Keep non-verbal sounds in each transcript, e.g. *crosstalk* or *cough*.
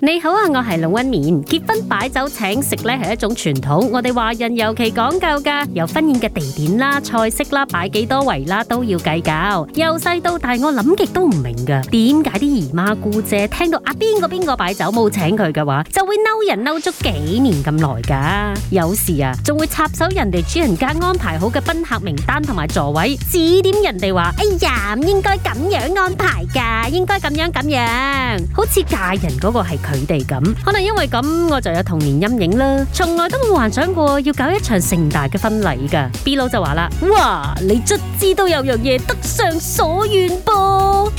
你好啊，我係龍紋敏。結婚擺酒請食咧係一種傳統，我哋華人尤其講究噶。由婚宴嘅地點啦、菜式啦、擺幾多圍啦都要計較。由細到大，我諗極都唔明噶，點解啲姨媽姑姐聽到啊，邊個邊個擺酒冇請佢嘅話，就會嬲人嬲足幾年咁耐噶？有時啊，仲會插手人哋主人家安排好嘅賓客名單同埋座位，指點人哋話：哎呀，唔應該咁樣安排噶，應該咁樣咁樣。好似嫁人嗰個係。佢哋咁，可能因為咁，我就有童年陰影啦，從來都冇幻想過要搞一場盛大嘅婚禮噶。B 佬就話啦：哇， *noise* 你卒之都有樣嘢得償所願噃！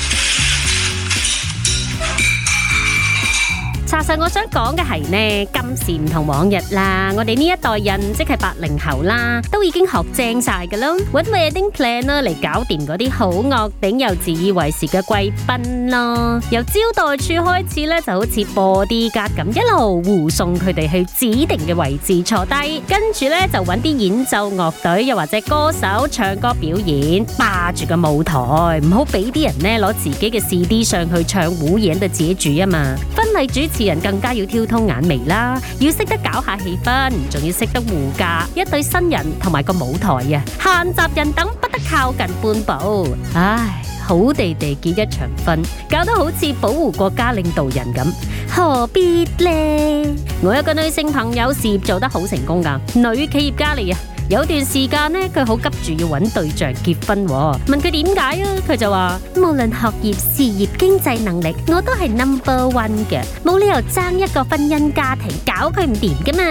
查實我想講嘅係呢，今時唔同往日啦，我哋呢一代人即係八零後啦，都已經學正晒嘅咯，揾 Wedding Plan 啦嚟搞掂嗰啲好惡頂又自以為是嘅貴賓咯。由招待處開始咧，就好似播啲格咁，一路護送佢哋去指定嘅位置坐低，跟住咧就揾啲演奏樂隊又或者歌手唱歌表演，霸住個舞台，唔好俾啲人呢攞自己嘅 CD 上去唱糊影就自己住啊嘛。婚禮主持。人更加要挑通眼眉啦，要識得搞下氣氛，仲要識得護駕。一對新人同埋個舞台啊，閒雜人等不得靠近半步。唉，好地地結一場婚，搞得好似保護國家領導人咁，何必咧？我有個女性朋友事業做得好成功噶，女企業家嚟啊。有段時間咧，佢好急住要揾對象結婚，問佢點解啊？佢就話：無論學業、事業、經濟能力，我都係 number one 嘅，冇理由爭一個婚姻家庭，搞佢唔掂噶嘛！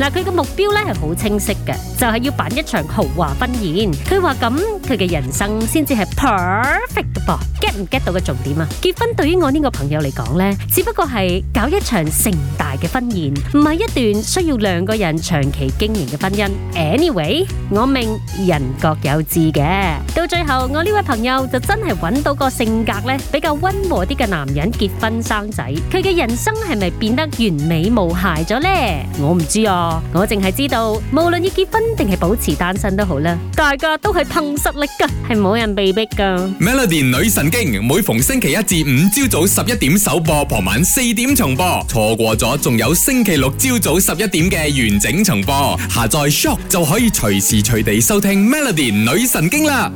嗱，佢嘅目標咧係好清晰嘅，就係要辦一場豪華婚宴。佢話咁，佢嘅人生先至係 perfect 嘅噃，get 唔 get 到嘅重點啊？結婚對於我呢個朋友嚟講咧，只不過係搞一場盛大嘅婚宴，唔係一段需要兩個人長期經營嘅婚姻。Anyway。我命人各有志嘅，到最後我呢位朋友就真係揾到個性格呢比較温和啲嘅男人結婚生仔，佢嘅人生係咪變得完美無瑕咗呢？我唔知啊，我淨係知道，無論要結婚定係保持單身都好啦，大家都係憑實力噶，係冇人被逼噶。Melody 女神經每逢星期一至五朝早十一點首播，傍晚四點重播，錯過咗仲有星期六朝早十一點嘅完整重播，下載 Shock 就可以。隨時隨地收聽 Melody 女神經啦！